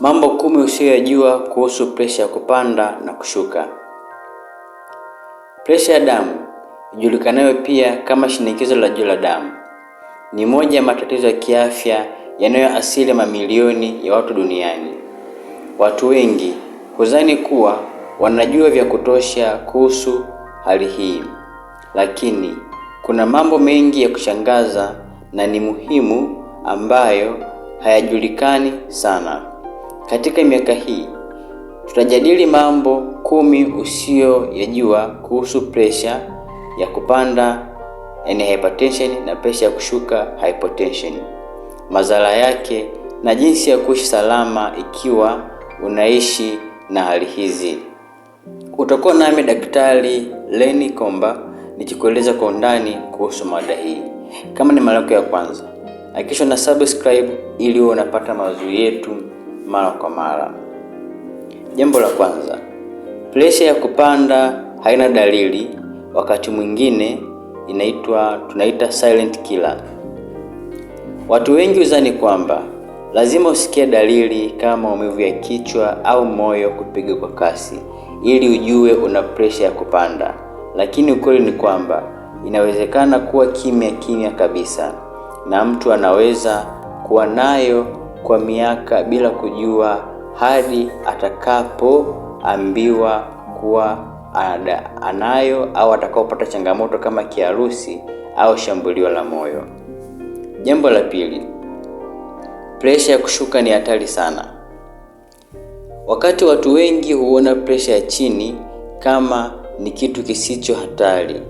Mambo kumi usiyoyajua kuhusu presha ya kupanda na kushuka. Presha ya damu ijulikanayo pia kama shinikizo la juu la damu ni moja ya matatizo ya kiafya yanayoasili mamilioni ya watu duniani. Watu wengi huzani kuwa wanajua vya kutosha kuhusu hali hii, lakini kuna mambo mengi ya kushangaza na ni muhimu ambayo hayajulikani sana. Katika miaka hii tutajadili mambo kumi usiyoyajua kuhusu presha ya kupanda yaani hypertension na presha ya kushuka hypotension, madhara yake na jinsi ya kuishi salama ikiwa unaishi na hali hizi. Utakuwa nami Daktari Lenny Komba nikikueleza kwa undani kuhusu mada hii. Kama ni mara yako ya kwanza, hakikisha una subscribe ili unapata mazuri yetu mara kwa mara. Jambo la kwanza, presha ya kupanda haina dalili, wakati mwingine inaitwa tunaita silent killer. Watu wengi uzani kwamba lazima usikie dalili kama maumivu ya kichwa au moyo kupiga kwa kasi ili ujue una presha ya kupanda, lakini ukweli ni kwamba inawezekana kuwa kimya kimya kabisa, na mtu anaweza kuwa nayo kwa miaka bila kujua hadi atakapoambiwa kuwa anayo au atakapopata changamoto kama kiharusi au shambulio la moyo. Jambo la pili, presha ya kushuka ni hatari sana. Wakati watu wengi huona presha ya chini kama ni kitu kisicho hatari,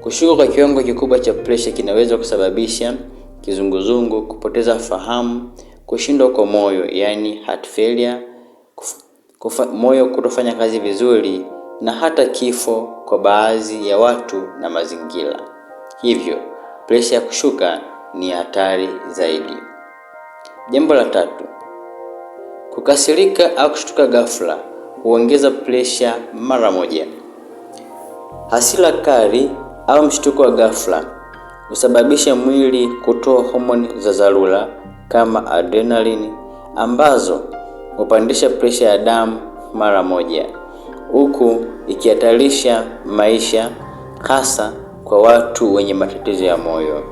kushuka kwa kiwango kikubwa cha presha kinaweza kusababisha kizunguzungu, kupoteza fahamu kushindwa kwa moyo, yani heart failure, kufa, moyo kutofanya kazi vizuri na hata kifo kwa baadhi ya watu na mazingira. Hivyo presha ya kushuka ni hatari zaidi. Jambo la tatu, kukasirika au kushtuka ghafla huongeza presha mara moja. Hasira kali au mshtuko wa ghafla husababisha mwili kutoa homoni za dharura kama adrenaline ambazo hupandisha presha ya damu mara moja, huku ikihatarisha maisha hasa kwa watu wenye matatizo ya moyo.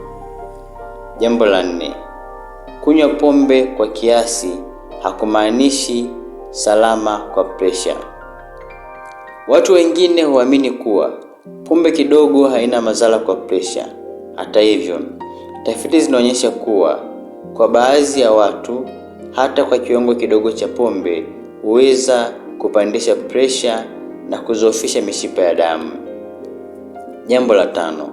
Jambo la nne, kunywa pombe kwa kiasi hakumaanishi salama kwa presha. Watu wengine huamini kuwa pombe kidogo haina madhara kwa presha. Hata hivyo, tafiti zinaonyesha kuwa kwa baadhi ya watu, hata kwa kiwango kidogo cha pombe huweza kupandisha presha na kuzoofisha mishipa ya damu. Jambo la tano,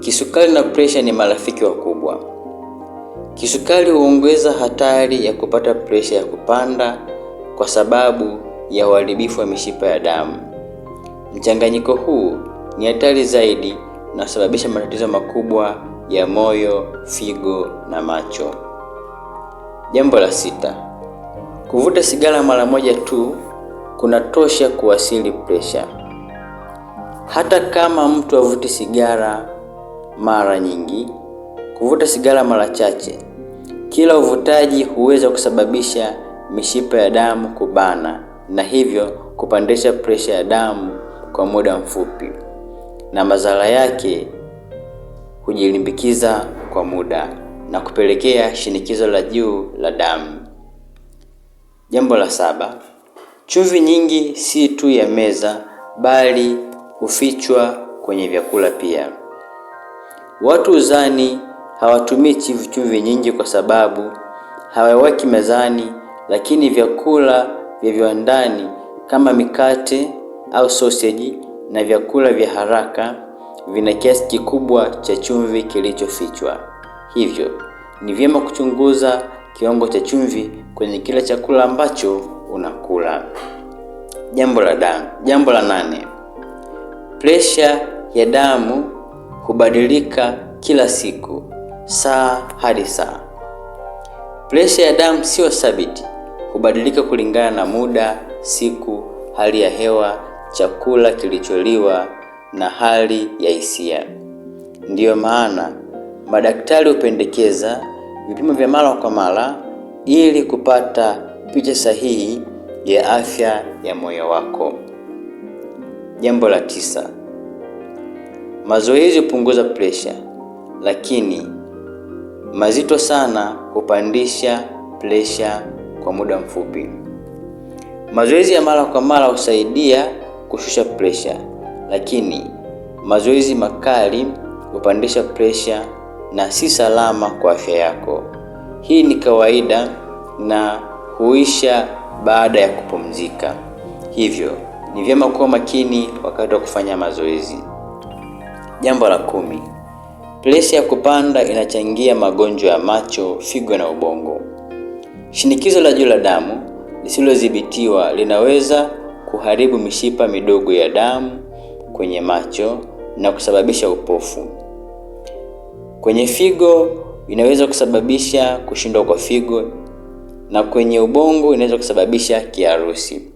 kisukari na presha ni marafiki wakubwa. Kisukari huongeza hatari ya kupata presha ya kupanda kwa sababu ya uharibifu wa mishipa ya damu. Mchanganyiko huu ni hatari zaidi na sababisha matatizo makubwa ya moyo, figo na macho. Jambo la sita, kuvuta sigara mara moja tu kunatosha kuwasili presha. Hata kama mtu avuti sigara mara nyingi, kuvuta sigara mara chache, kila uvutaji huweza kusababisha mishipa ya damu kubana na hivyo kupandisha presha ya damu kwa muda mfupi, na madhara yake kujilimbikiza kwa muda na kupelekea shinikizo la juu la damu. Jambo la saba, chumvi nyingi si tu ya meza bali hufichwa kwenye vyakula pia. Watu uzani hawatumii chumvi nyingi kwa sababu hawaweki mezani, lakini vyakula vya viwandani kama mikate au soseji na vyakula vya haraka vina kiasi kikubwa cha chumvi kilichofichwa, hivyo ni vyema kuchunguza kiwango cha chumvi kwenye kila chakula ambacho unakula. Jambo la damu. Jambo la nane, presha ya damu hubadilika kila siku, saa hadi saa. Presha ya damu sio thabiti, hubadilika kulingana na muda, siku, hali ya hewa, chakula kilicholiwa na hali ya hisia. Ndiyo maana madaktari hupendekeza vipimo vya mara kwa mara ili kupata picha sahihi ya afya ya moyo wako. Jambo la tisa, mazoezi hupunguza presha, lakini mazito sana hupandisha presha kwa muda mfupi. Mazoezi ya mara kwa mara husaidia kushusha presha lakini mazoezi makali hupandisha presha na si salama kwa afya yako. Hii ni kawaida na huisha baada ya kupumzika, hivyo ni vyema kuwa makini wakati wa kufanya mazoezi. Jambo la kumi, presha ya kupanda inachangia magonjwa ya macho, figo na ubongo. Shinikizo la juu la damu lisilodhibitiwa linaweza kuharibu mishipa midogo ya damu kwenye macho na kusababisha upofu. Kwenye figo inaweza kusababisha kushindwa kwa figo, na kwenye ubongo inaweza kusababisha kiharusi.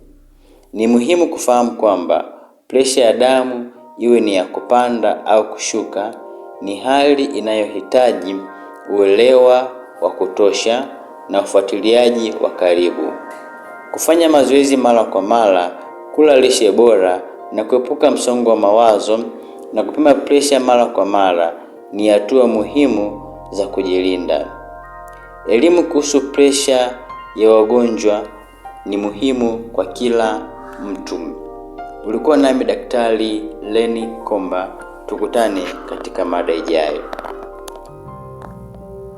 Ni muhimu kufahamu kwamba presha ya damu iwe ni ya kupanda au kushuka, ni hali inayohitaji uelewa wa kutosha na ufuatiliaji wa karibu. Kufanya mazoezi mara kwa mara, kula lishe bora na kuepuka msongo wa mawazo na kupima presha mara kwa mara ni hatua muhimu za kujilinda. Elimu kuhusu presha ya wagonjwa ni muhimu kwa kila mtu. Ulikuwa nami Daktari Lenny Komba, tukutane katika mada ijayo.